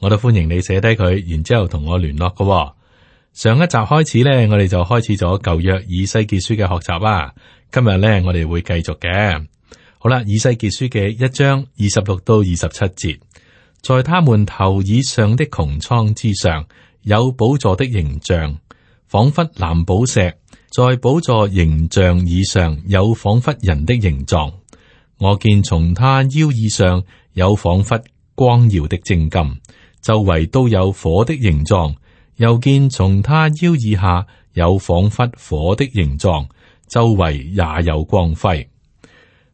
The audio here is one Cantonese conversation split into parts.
我都歡迎你寫低佢，然之後同我聯絡㗎喎。上一集開始呢，我哋就開始咗舊約以西結書嘅學習啊。今日呢，我哋會繼續嘅。好啦，以西結書嘅一章二十六到二十七節，在他們頭以上的穹蒼之上，有寶座的形象，仿佛藍寶石；在寶座形象以上，有仿佛人的形狀。我見從他腰以上有仿佛光耀的正金。周圍都有火的形狀，又見從他腰以下有仿佛火的形狀，周圍也有光輝。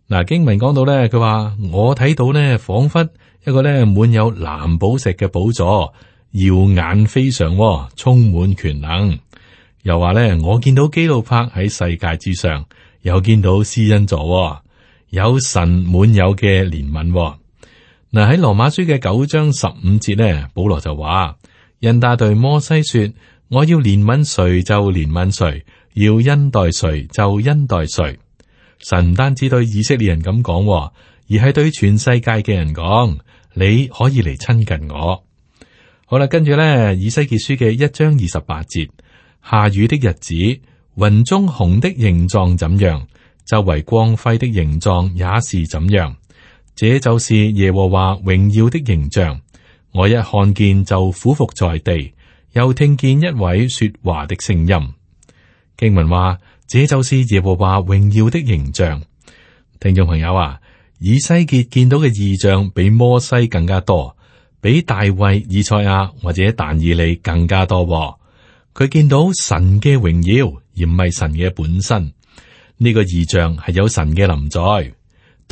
嗱、啊，經文講到咧，佢話我睇到咧，仿佛一個咧滿有藍寶石嘅寶座，耀眼非常、哦，充滿權能。又話咧，我見到基路柏喺世界之上，又見到施恩座、哦，有神滿有嘅憐憫、哦。嗱，喺羅馬書嘅九章十五節呢，保羅就話：人大對摩西說，我要憐憫誰就憐憫誰，要恩待誰就恩待誰。神唔單止對以色列人咁講，而係對全世界嘅人講，你可以嚟親近我。好啦，跟住呢，以西結書嘅一章二十八節，下雨的日子，雲中虹的形狀怎樣，周圍光輝的形狀也是怎樣。這就是耶和華榮耀的形象，我一看見就俯伏在地，又聽見一位說話的聲音。經文話：這就是耶和華榮耀的形象。聽眾朋友啊，以西結見到嘅異象比摩西更加多，比大衛、以賽亞或者但以理更加多、哦。佢見到神嘅榮耀，而唔係神嘅本身。呢、這個異象係有神嘅臨在。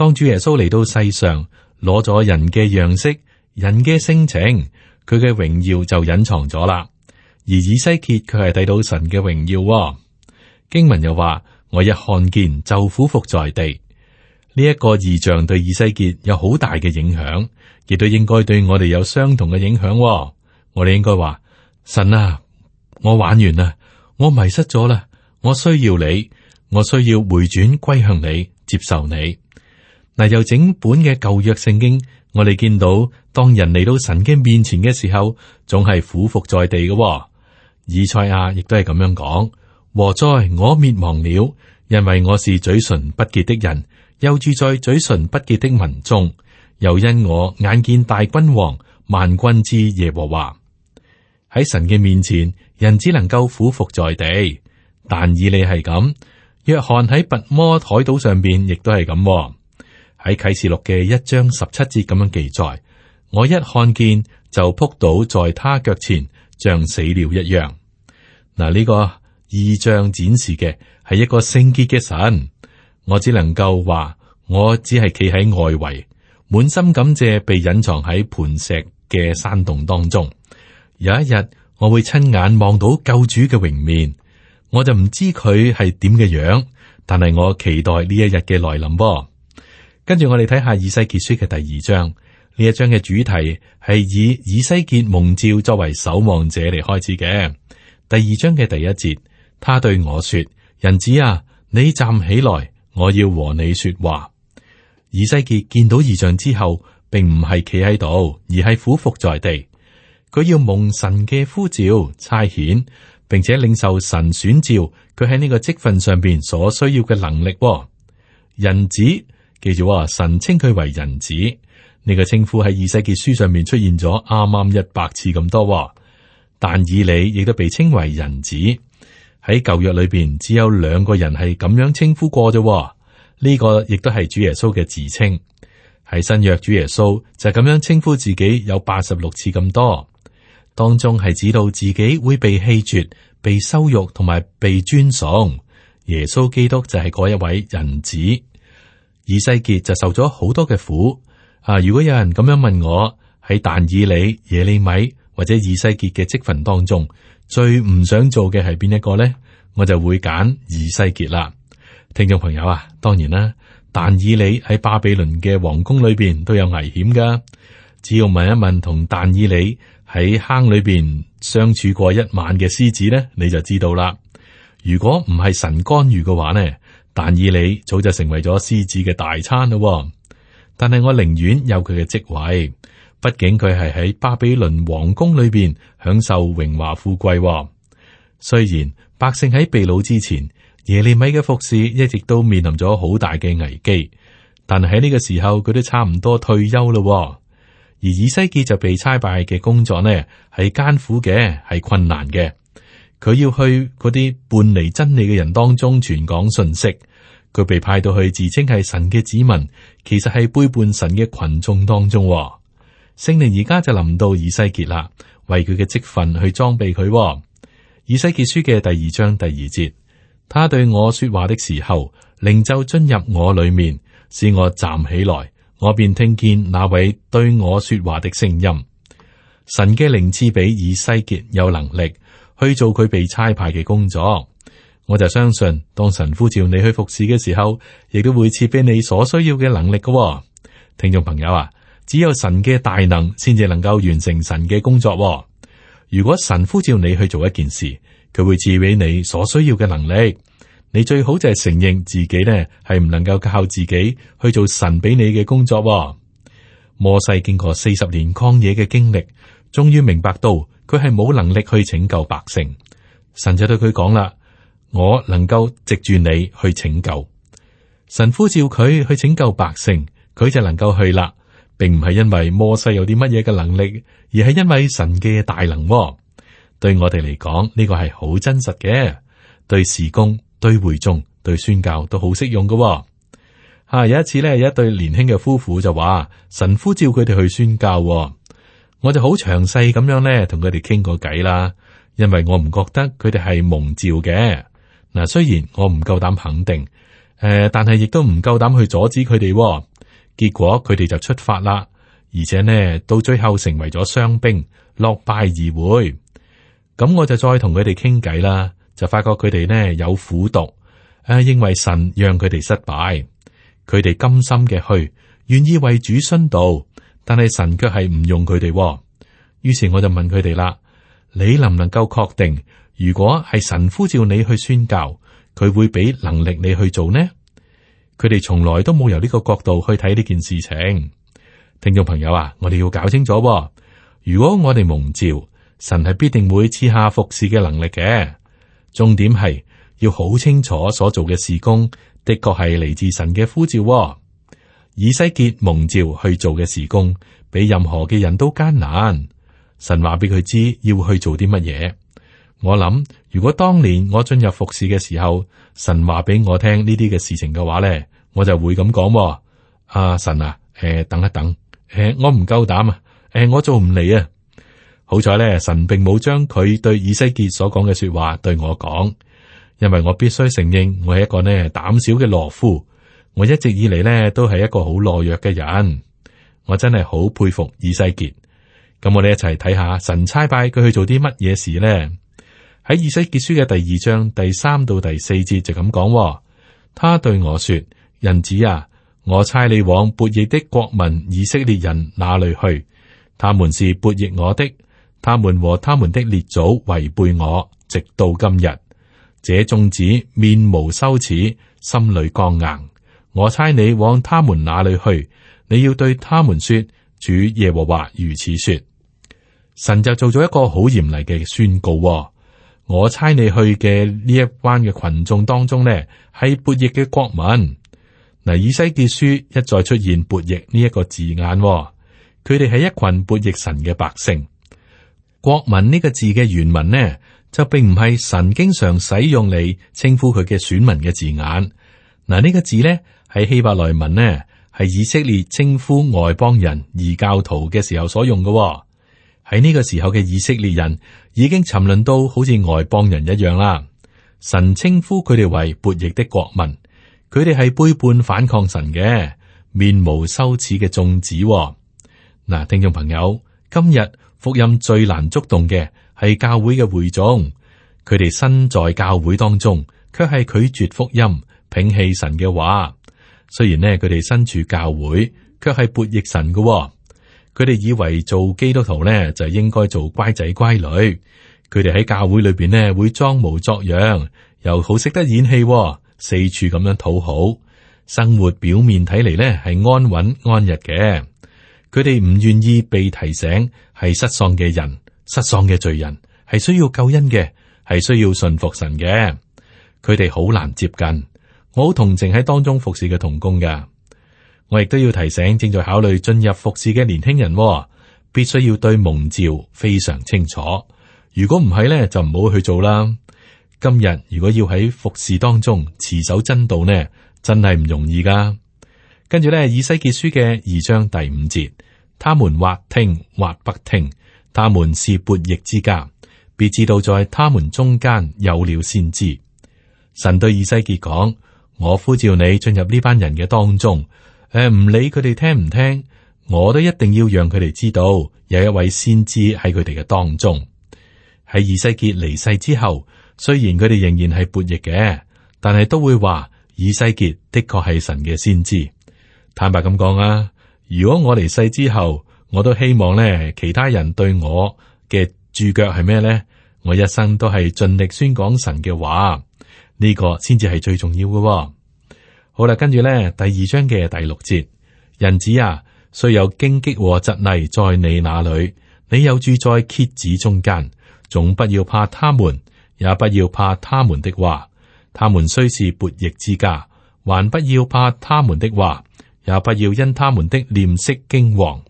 當主耶穌嚟到世上，攞咗人嘅樣式、人嘅性情，佢嘅榮耀就隱藏咗啦。而以西結佢係睇到神嘅榮耀、哦、經文又話：我一看見就俯伏在地呢一、這個異象對以西結有好大嘅影響，亦都應該對我哋有相同嘅影響、哦。我哋應該話神啊，我玩完啦，我迷失咗啦，我需要你，我需要回轉歸向你，接受你。嗱，由整本嘅舊約聖經，我哋見到當人嚟到神嘅面前嘅時候，總係俯伏在地嘅。以賽亞亦都係咁樣講：禍哉，我滅亡了，因為我是嘴唇不潔的人，又住在嘴唇不潔的民眾。又因我眼見大君王萬軍之耶和華。喺神嘅面前，人只能夠俯伏在地。但以理係咁，約翰喺拔摩海島上邊亦都係咁。喺啟示錄嘅一章十七節咁樣記載，我一看見就撲倒在他腳前，像死了一樣。嗱，呢個異象展示嘅係一個聖潔嘅神，我只能夠話，我只係企喺外圍，滿心感謝被隱藏喺磐石嘅山洞當中。有一日我會親眼望到救主嘅榮面，我就唔知佢係點嘅樣，但係我期待呢一日嘅來臨。噃。跟住我哋睇下以西結書嘅第二章，呢一章嘅主題係以以西結蒙召作為守望者嚟開始嘅。第二章嘅第一節，他對我說：人子啊，你站起來，我要和你說話。以西結見到異象之後，並唔係企喺度，而係俯伏在地。佢要蒙神嘅呼召差遣，並且領受神選召佢喺呢個職份上邊所需要嘅能力。人子。記住啊，神稱佢為人子，呢、這個稱呼喺《以西結書》上面出現咗啱啱一百次咁多。但以理亦都被稱為人子，喺舊約裏邊只有兩個人係咁樣稱呼過啫。呢、這個亦都係主耶穌嘅自稱。喺新約，主耶穌就係咁樣稱呼自己有八十六次咁多，當中係指到自己會被棄絕、被羞辱同埋被尊崇。耶穌基督就係嗰一位人子。以西結就受咗好多嘅苦啊！如果有人咁樣問我喺但以理、耶利米或者以西結嘅職分當中最唔想做嘅係邊一個咧，我就會揀以西結啦。聽眾朋友啊，當然啦、啊，但以理喺巴比倫嘅皇宮裏邊都有危險噶。只要問一問同但以理喺坑裏邊相處過一晚嘅獅子咧，你就知道啦。如果唔係神干預嘅話咧。但以理早就成為咗獅子嘅大餐咯、哦，但係我寧願有佢嘅職位，畢竟佢係喺巴比倫皇宮裏邊享受榮華富貴、哦。雖然百姓喺被擄之前，耶利米嘅服侍一直都面臨咗好大嘅危機，但喺呢個時候佢都差唔多退休嘞、哦，而以西結就被差派嘅工作呢，係艱苦嘅，係困難嘅。佢要去嗰啲叛離真理嘅人當中傳講信息。佢被派到去自稱係神嘅子民，其實係背叛神嘅群眾當中、哦。聖靈而家就臨到以西結啦，為佢嘅職份去裝備佢、哦。以西結書嘅第二章第二節，他對我說話的時候，靈就進入我裏面，使我站起來。我便聽見那位對我說話的聲音。神嘅靈賜俾以西結有能力。去做佢被差派嘅工作，我就相信當神呼召你去服侍嘅時候，亦都會賜俾你所需要嘅能力噶、哦。聽眾朋友啊，只有神嘅大能，先至能夠完成神嘅工作、哦。如果神呼召你去做一件事，佢會賜俾你所需要嘅能力。你最好就係承認自己咧，係唔能夠靠自己去做神俾你嘅工作、哦。摩西經過四十年曠野嘅經歷。終於明白到佢係冇能力去拯救百姓，神就對佢講啦：，我能夠藉住你去拯救。神呼召佢去拯救百姓，佢就能夠去啦，並唔係因為摩西有啲乜嘢嘅能力，而係因為神嘅大能、哦。對我哋嚟講，呢、這個係好真實嘅，對事工、對會眾、對宣教都好適用嘅、哦。吓、啊，有一次咧，有一對年輕嘅夫婦就話：，神呼召佢哋去宣教、哦。我就好詳細咁樣咧，同佢哋傾過偈啦，因為我唔覺得佢哋係蒙召嘅。嗱，雖然我唔夠膽肯定，誒、呃，但係亦都唔夠膽去阻止佢哋。結果佢哋就出發啦，而且呢，到最後成為咗傷兵，落敗而回。咁我就再同佢哋傾偈啦，就發覺佢哋呢有苦毒，誒、啊，因為神讓佢哋失敗，佢哋甘心嘅去，願意為主殉道。但係神卻係唔用佢哋喎，於是我就問佢哋啦：「你能唔能夠確定，如果係神呼召你去宣教，佢會俾能力你去做呢？佢哋從來都冇由呢個角度去睇呢件事情。聽眾朋友啊，我哋要搞清楚喎，如果我哋蒙召，神係必定會賜下服侍嘅能力嘅。重點係要好清楚所做嘅事工的確係嚟自神嘅呼召喎。以西結蒙召去做嘅事工，比任何嘅人都艱難。神話俾佢知要去做啲乜嘢。我諗，如果當年我進入服侍嘅時候，神話俾我聽呢啲嘅事情嘅話咧，我就會咁講：，阿、啊、神啊，誒、欸，等一等，誒、欸，我唔夠膽啊，誒、欸，我做唔嚟啊。好彩咧，神並冇將佢對以西結所講嘅說話對我講，因為我必須承認，我係一個咧膽小嘅懦夫。我一直以嚟呢都係一個好懦弱嘅人。我真係好佩服以西結。咁我哋一齊睇下神差派佢去做啲乜嘢事呢？喺《以西結書》嘅第二章第三到第四節就咁講、哦：，他對我說：，人子啊，我差你往悖逆的國民以色列人那裏去，他們是悖逆我的，他們和他們的列祖違背我，直到今日。這眾子面無羞恥，心裏剛硬。我差你往他們那裏去，你要對他們說：主耶和華如此說。神就做咗一個好嚴厲嘅宣告、哦。我差你去嘅呢一班嘅群眾當中呢，係叛逆嘅國民。嗱，以西結書一再出現叛逆呢一個字眼、哦，佢哋係一群叛逆神嘅百姓。國民呢個字嘅原文呢，就並唔係神經常使用嚟稱呼佢嘅選民嘅字眼。嗱，呢個字呢，喺希伯來文呢，係以色列稱呼外邦人異教徒嘅時候所用嘅、哦。喺呢個時候嘅以色列人已經沉淪到好似外邦人一樣啦。神稱呼佢哋為悖逆的國民，佢哋係背叛反抗神嘅，面無羞恥嘅眾子。嗱，聽眾朋友，今日福音最難觸動嘅係教會嘅會眾，佢哋身在教會當中，卻係拒絕福音，摒棄神嘅話。雖然呢，佢哋身處教會，却係悖逆神嘅、哦。佢哋以為做基督徒呢，就係應該做乖仔乖女。佢哋喺教會裏邊呢，會裝模作樣，又好識得演戲、哦，四處咁樣討好。生活表面睇嚟呢，係安穩安逸嘅。佢哋唔願意被提醒係失喪嘅人，失喪嘅罪人係需要救恩嘅，係需要順服神嘅。佢哋好難接近。我好同情喺當中服侍嘅同工噶，我亦都要提醒正在考慮進入服侍嘅年輕人、哦，必須要對蒙召非常清楚。如果唔係咧，就唔好去做啦。今日如果要喺服侍當中持守真道呢，真係唔容易噶。跟住咧，以西結書嘅二章第五節，他們或聽或不聽，他們是叛逆之家，必知道在他們中間有了先知。神對以西結講。我呼召你進入呢班人嘅當中，誒、呃，唔理佢哋聽唔聽，我都一定要讓佢哋知道有一位先知喺佢哋嘅當中。喺以西結離世之後，雖然佢哋仍然係叛逆嘅，但係都會話以西結的確係神嘅先知。坦白咁講啊，如果我離世之後，我都希望咧，其他人對我嘅注腳係咩咧？我一生都係盡力宣講神嘅話。呢個先至係最重要嘅哦。好啦，跟住咧，第二章嘅第六節，人子啊，雖有荊棘和蒺藜在你那裏，你又住在蠍子中間，總不要怕他們，也不要怕他們的話。他們雖是悖逆之家，還不要怕他們的話，也不要因他們的臉色驚惶。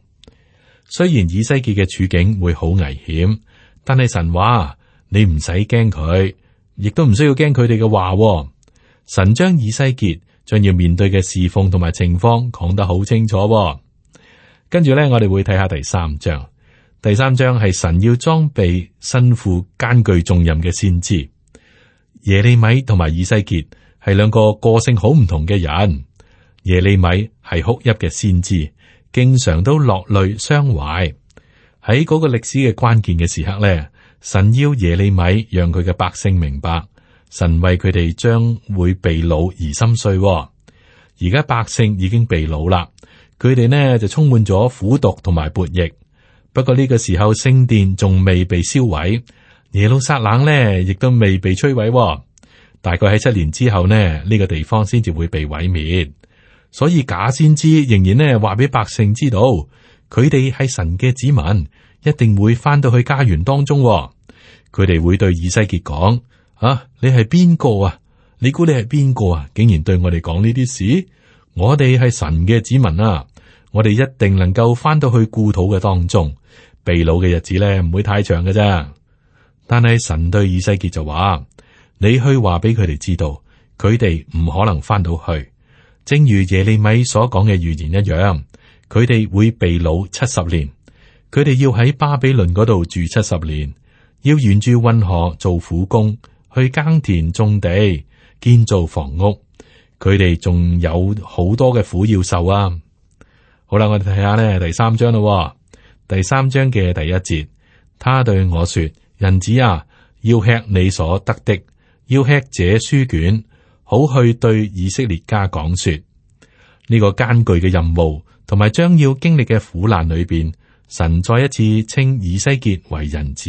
雖然以西結嘅處境會好危險，但係神話，你唔使驚佢。亦都唔需要驚佢哋嘅話喎，神將以西結將要面對嘅侍奉同埋情況講得好清楚喎。跟住咧，我哋會睇下第三章。第三章係神要裝備身負艱巨重任嘅先知耶利米同埋以西結，係兩個個性好唔同嘅人。耶利米係哭泣嘅先知，經常都落淚傷懷。喺嗰個歷史嘅關鍵嘅時刻咧。神要耶利米，讓佢嘅百姓明白，神為佢哋將會被擄而心碎。而家百姓已經被擄啦，佢哋呢就充滿咗苦毒同埋叛逆。不過呢個時候聖殿仲未被燒毀，耶路撒冷呢亦都未被摧毀。大概喺七年之後呢，呢、呢個地方先至會被毀滅。所以假先知仍然呢話俾百姓知道，佢哋係神嘅子民。一定會翻到去家園當中。哦，佢哋會對以西結講：啊，你係邊個啊？你估你係邊個啊？竟然對我哋講呢啲事？我哋係神嘅子民啊！我哋一定能夠翻到去故土嘅當中，被擄嘅日子咧唔會太長嘅啫。但係神對以西結就話：你去話俾佢哋知道，佢哋唔可能翻到去，正如耶利米所講嘅預言一樣，佢哋會被擄七十年。佢哋要喺巴比倫嗰度住七十年，要沿住運河做苦工，去耕田種地，建造房屋。佢哋仲有好多嘅苦要受啊！好啦，我哋睇下呢第三章咯，第三章嘅第一節，他對我說：人子啊，要吃你所得的，要吃這書卷，好去對以色列家講說呢個艱巨嘅任務，同埋將要經歷嘅苦難裏邊。神再一次稱以西結為人子。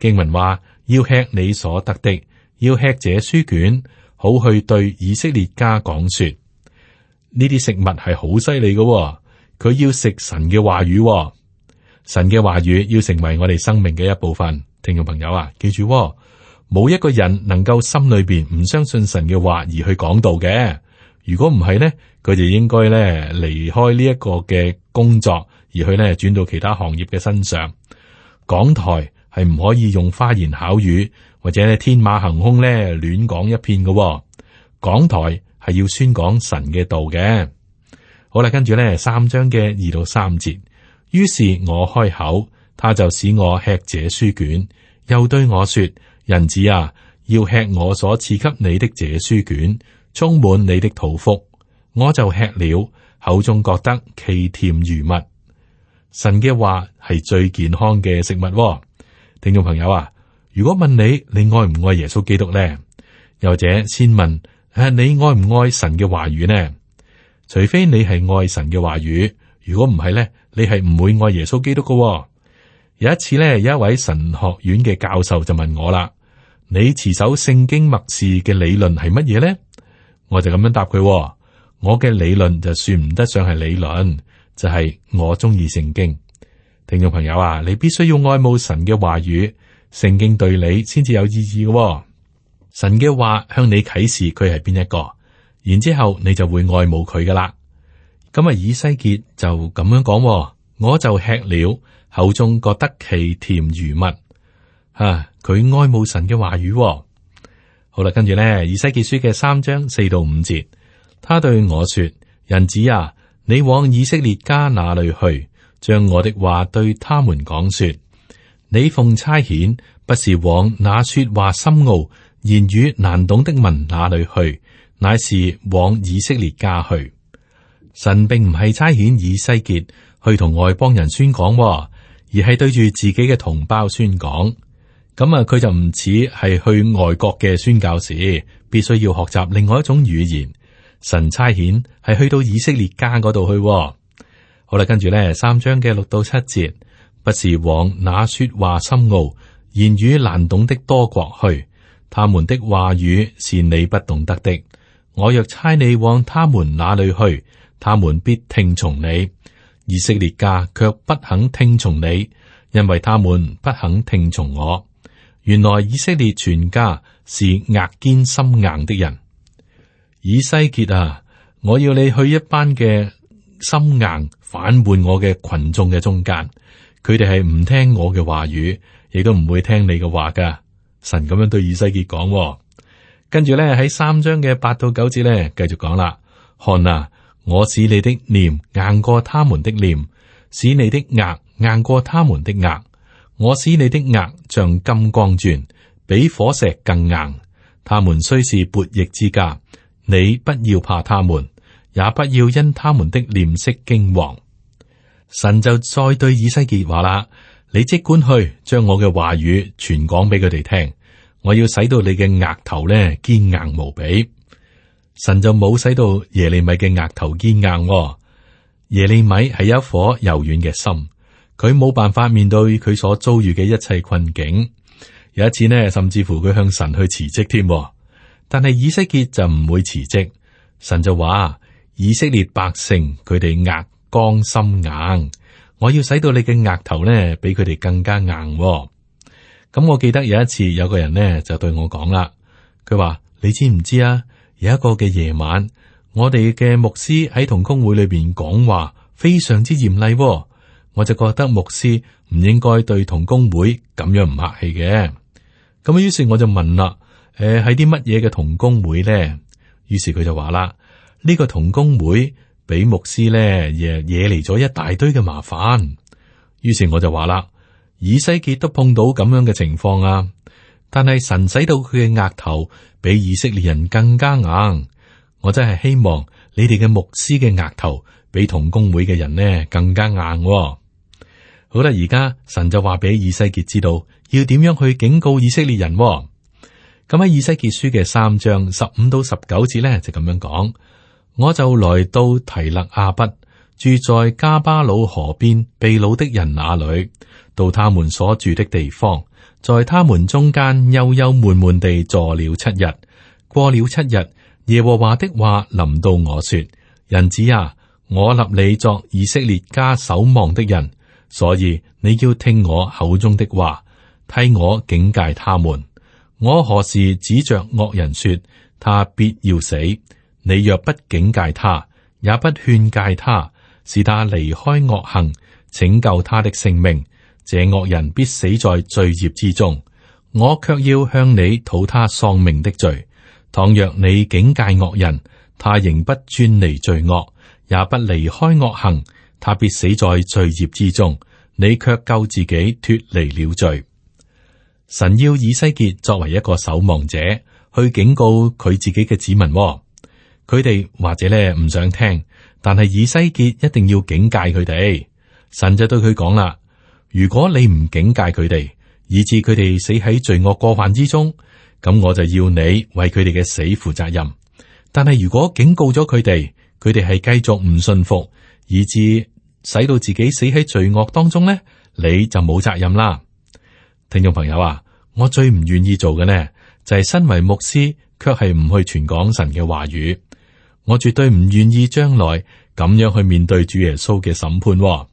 經文話，要吃你所得的，要吃這書卷，好去對以色列家講說。呢啲食物係好犀利㗎。佢要食神嘅話語、哦，神嘅話語要成為我哋生命嘅一部分。聽眾朋友啊，記住、哦，冇一個人能夠心裏邊唔相信神嘅話而去講道嘅。如果唔係呢，佢就應該咧離開呢一個嘅工作。而佢咧轉到其他行業嘅身上，港台係唔可以用花言巧語或者天馬行空咧亂講一片嘅。港台係要宣講神嘅道嘅。好啦，跟住咧三章嘅二到三節，於是我開口，他就使我吃這書卷，又對我說：人子啊，要吃我所賜給你的這書卷，充滿你的肚腹。我就吃了，口中覺得其甜如蜜。神嘅話係最健康嘅食物。哦，聽眾朋友啊，如果問你你愛唔愛耶穌基督呢？又或者先問誒、啊、你愛唔愛神嘅話語呢？除非你係愛神嘅話語，如果唔係咧，你係唔會愛耶穌基督㗎，哦。有一次咧，有一位神學院嘅教授就問我啦：「你持守聖經默示嘅理論係乜嘢呢？」我就咁樣答佢，哦：「我嘅理論就算唔得上係理論。」就係我中意聖經，聽眾朋友啊，你必須要愛慕神嘅話語，聖經對你先至有意義嘅、哦。神嘅話向你啟示佢係邊一個，然之後你就會愛慕佢噶啦。咁啊，以西結就咁樣講、哦，我就吃了，口中覺得其甜如蜜。吓、啊，佢愛慕神嘅話語、哦。好啦，跟住咧，以西結書嘅三章四到五節，他對我說：人子啊！你往以色列家那裏去，將我的話對他們講說：你奉差遣，不是往那說話深奧、言語難懂的民那裏去，乃是往以色列家去。神並唔係差遣以西結去同外邦人宣講，而係對住自己嘅同胞宣講。咁啊，佢就唔似係去外國嘅宣教士，必須要學習另外一種語言。神差遣係去到以色列家嗰度去，哦，好啦，跟住咧三章嘅六到七節，不是往那說話深奧、言語難懂的多國去，他們的話語是你不懂得的。我若差你往他們那裏去，他們必聽從你；以色列家卻不肯聽從你，因為他們不肯聽從我。原來以色列全家是額堅心硬的人。以西結啊，我要你去一班嘅心硬反叛我嘅群眾嘅中間，佢哋係唔聽我嘅話語，亦都唔會聽你嘅話噶。神咁樣對以西結講，啊，跟住咧喺三章嘅八到九節咧，繼續講啦。看啊，我使你的臉硬過他們的臉，使你的額硬過他們的額。我使你的額像金剛鑽，比火石更硬。他們雖是悖逆之家。你不要怕他們，也不要因他們的臉色驚惶。神就再對以西結話啦：你即管去，將我嘅話語傳講俾佢哋聽。我要使到你嘅額頭咧堅硬無比。神就冇使到耶利米嘅額頭堅硬、哦。耶利米係一顆柔軟嘅心，佢冇辦法面對佢所遭遇嘅一切困境。有一次呢，甚至乎佢向神去辭職添。但係以色列就唔會辭職，神就話：以色列百姓佢哋額光心硬，我要使到你嘅額頭咧，比佢哋更加硬、哦。咁、嗯、我記得有一次有個人咧就對我講啦，佢話：你知唔知啊？有一個嘅夜晚，我哋嘅牧師喺同工會裏邊講話，非常之嚴厲、哦。我就覺得牧師唔應該對同工會咁樣唔客氣嘅。咁、嗯、啊，於是我就問啦。誒，喺啲乜嘢嘅同工會咧？於是佢就話啦，呢、這個同工會俾牧師咧，惹惹嚟咗一大堆嘅麻煩。於是我就話啦，以西結都碰到咁樣嘅情況啊。但係神使到佢嘅額頭比以色列人更加硬。我真係希望你哋嘅牧師嘅額頭比同工會嘅人呢更加硬、哦。好啦，而家神就話俾以西結知道要點樣去警告以色列人、哦。咁喺《以西結書》嘅三章十五到十九節呢，就咁樣講，我就來到提勒亞畢，住在迦巴魯河邊被擄的人那裡，到他們所住的地方，在他們中間憂憂悶悶地坐了七日。過了七日，耶和華的話臨到我說：人子啊，我立你作以色列家守望的人，所以你要聽我口中的話，替我警戒他們。我何時指着惡人說他必要死？你若不警戒他，也不勸誡他，使他離開惡行，拯救他的性命，這惡人必死在罪孽之中。我卻要向你討他喪命的罪。倘若你警戒惡人，他仍不轉離罪惡，也不離開惡行，他必死在罪孽之中。你卻救自己脱離了罪。神要以西結作為一個守望者去警告佢自己嘅子民、哦，佢哋或者咧唔想聽，但係以西結一定要警戒佢哋。神就對佢講啦：如果你唔警戒佢哋，以致佢哋死喺罪惡過犯之中，咁我就要你為佢哋嘅死負責任。但係如果警告咗佢哋，佢哋係繼續唔信服，以致使到自己死喺罪惡當中咧，你就冇責任啦。聽眾朋友啊，我最唔願意做嘅呢，就係、是、身為牧師卻係唔去傳講神嘅話語。我絕對唔願意將來咁樣去面對主耶穌嘅審判、哦。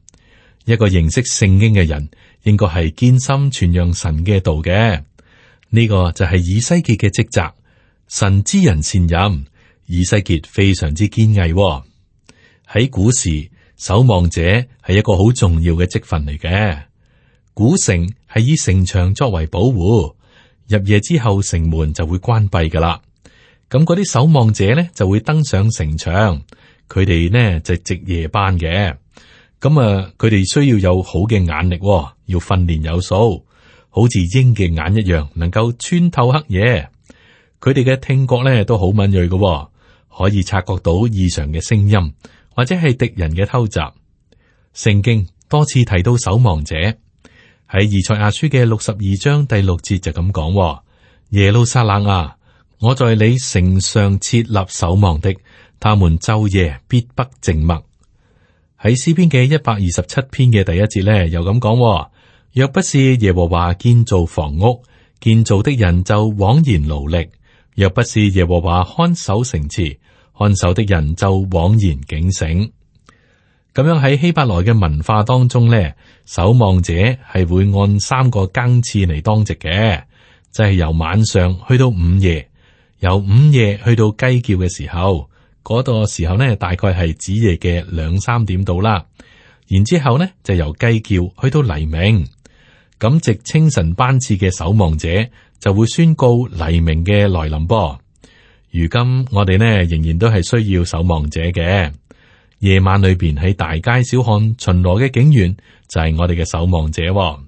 一個認識聖經嘅人，應該係堅心傳揚神嘅道嘅。呢、這個就係以西結嘅職責。神知人善任，以西結非常之堅毅、哦。喺古時，守望者係一個好重要嘅職份嚟嘅，古城。係以城牆作為保護，入夜之後，城門就會關閉噶啦。咁嗰啲守望者咧就會登上城牆，佢哋呢就值、是、夜班嘅。咁啊，佢哋需要有好嘅眼力、哦，要訓練有素，好似鷹嘅眼一樣，能夠穿透黑夜。佢哋嘅聽覺咧都好敏銳噶、哦，可以察覺到異常嘅聲音或者係敵人嘅偷襲。聖經多次提到守望者。喺《以賽亞書》嘅六十二章第六節就咁講喎：耶路撒冷啊，我在你城上設立守望的，他們晝夜必不靜默。喺詩篇嘅一百二十七篇嘅第一節咧，又咁講喎：若不是耶和華建造房屋，建造的人就枉然勞力；若不是耶和華看守城池，看守的人就枉然警醒。咁樣喺希伯來嘅文化當中呢，守望者係會按三個更次嚟當值嘅，就係、是，由晚上去到午夜，由午夜去到雞叫嘅時候，嗰、那個時候呢，大概係子夜嘅兩三點到啦。然之後呢，就由雞叫去到黎明，咁值清晨班次嘅守望者就會宣告黎明嘅來臨噃。如今我哋呢，仍然都係需要守望者嘅。夜晚裏邊喺大街小巷巡邏嘅警員就係我哋嘅守望者喎、哦。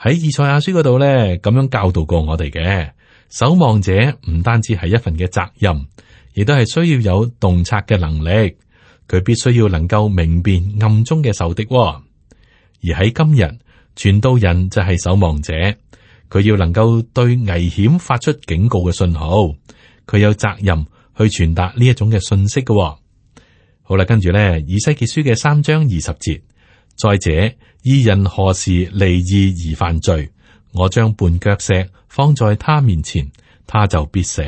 喺以賽亞書嗰度咧，咁樣教導過我哋嘅守望者唔單止係一份嘅責任，亦都係需要有洞察嘅能力。佢必須要能夠明辨暗中嘅仇敵。而喺今日，傳道人就係守望者，佢要能夠對危險發出警告嘅信號，佢有責任去傳達呢一種嘅信息嘅、哦。好啦，跟住呢，以西結書嘅三章二十節，再者，義人何時離義而犯罪？我將絆腳石放在他面前，他就必死。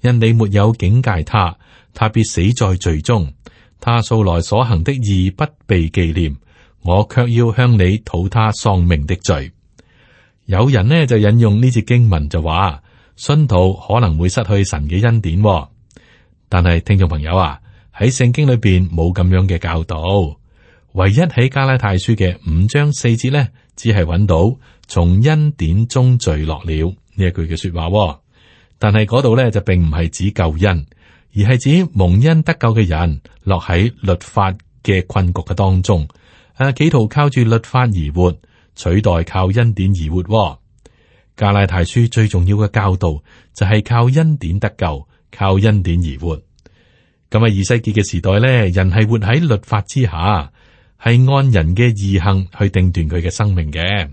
因你沒有警戒他，他必死在罪中。他素來所行的義不被紀念，我卻要向你討他喪命的罪。有人呢就引用呢節經文就話，信徒可能會失去神嘅恩典、哦。但係聽眾朋友啊。喺聖經裏邊冇咁樣嘅教導，唯一喺加拉太書嘅五章四節咧，只係揾到從恩典中墜落了呢一句嘅說話、哦。但係嗰度咧就並唔係指救恩，而係指蒙恩得救嘅人落喺律法嘅困局嘅當中，誒企圖靠住律法而活，取代靠恩典而活、哦。加拉太書最重要嘅教導就係靠恩典得救，靠恩典而活。咁喺二世紀嘅時代咧，人係活喺律法之下，係按人嘅意向去定斷佢嘅生命嘅。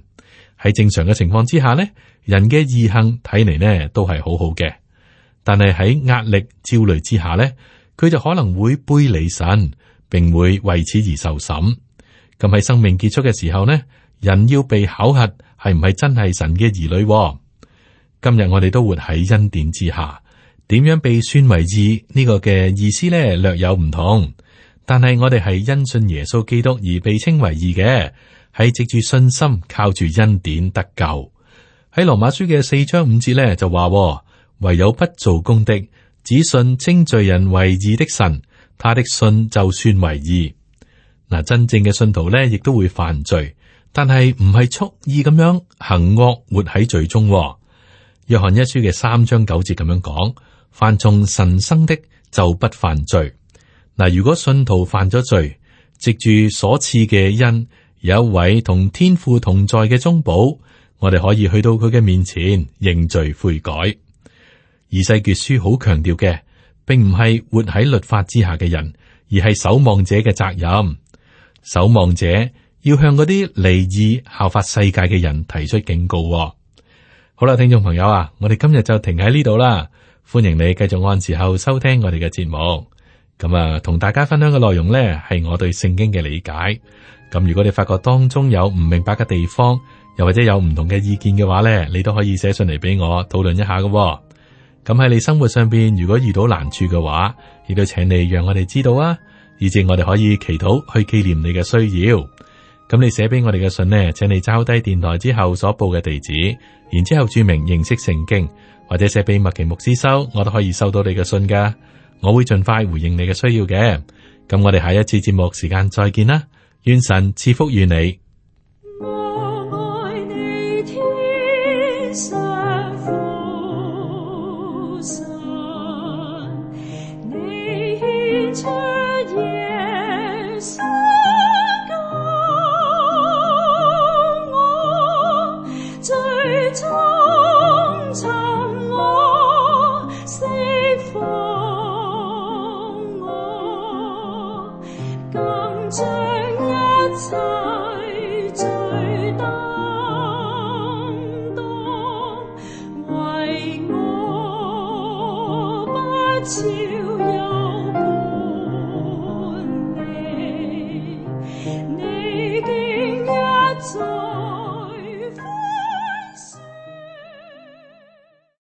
喺正常嘅情況之下咧，人嘅意向睇嚟，呢都係好好嘅。但係喺壓力焦慮之下咧，佢就可能會背離神，並會為此而受審。咁喺生命結束嘅時候呢，人要被考核，係唔係真係神嘅兒女。今日我哋都活喺恩典之下。點樣被算為義呢？這個嘅意思咧，略有唔同。但係我哋係因信耶穌基督而被稱為義嘅，係藉住信心，靠住恩典得救。喺羅馬書嘅四章五節呢，就話：唯有不做工的，只信稱罪人為義的神，他的信就算為義。嗱，真正嘅信徒呢，亦都會犯罪，但係唔係蓄意咁樣行惡，活喺罪中。約翰一書嘅三章九節咁樣講。凡從神生的就不犯罪。嗱，如果信徒犯咗罪，藉住所賜嘅恩，有一位同天父同在嘅中保，我哋可以去到佢嘅面前認罪悔改。而以西結書好強調嘅，並唔係活喺律法之下嘅人，而係守望者嘅責任。守望者要向嗰啲離意效法世界嘅人提出警告，哦。好啦，聽眾朋友啊，我哋今日就停喺呢度啦。歡迎你繼續按時候收聽我哋嘅節目。咁啊，同大家分享嘅內容呢，係我對聖經嘅理解。咁如果你發覺當中有唔明白嘅地方，又或者有唔同嘅意見嘅話呢，你都可以寫信嚟俾我討論一下㗎喎。咁喺你生活上邊，如果遇到難處嘅話，亦都請你讓我哋知道啊，以至我哋可以祈禱去紀念你嘅需要。咁你寫俾我哋嘅信呢，請你抄低電台之後所報嘅地址，然之後注明認識聖經。或者寫俾麥其牧師收，我都可以收到你嘅信噶，我會盡快回應你嘅需要嘅。咁我哋下一次節目時間再見啦，願神賜福於你。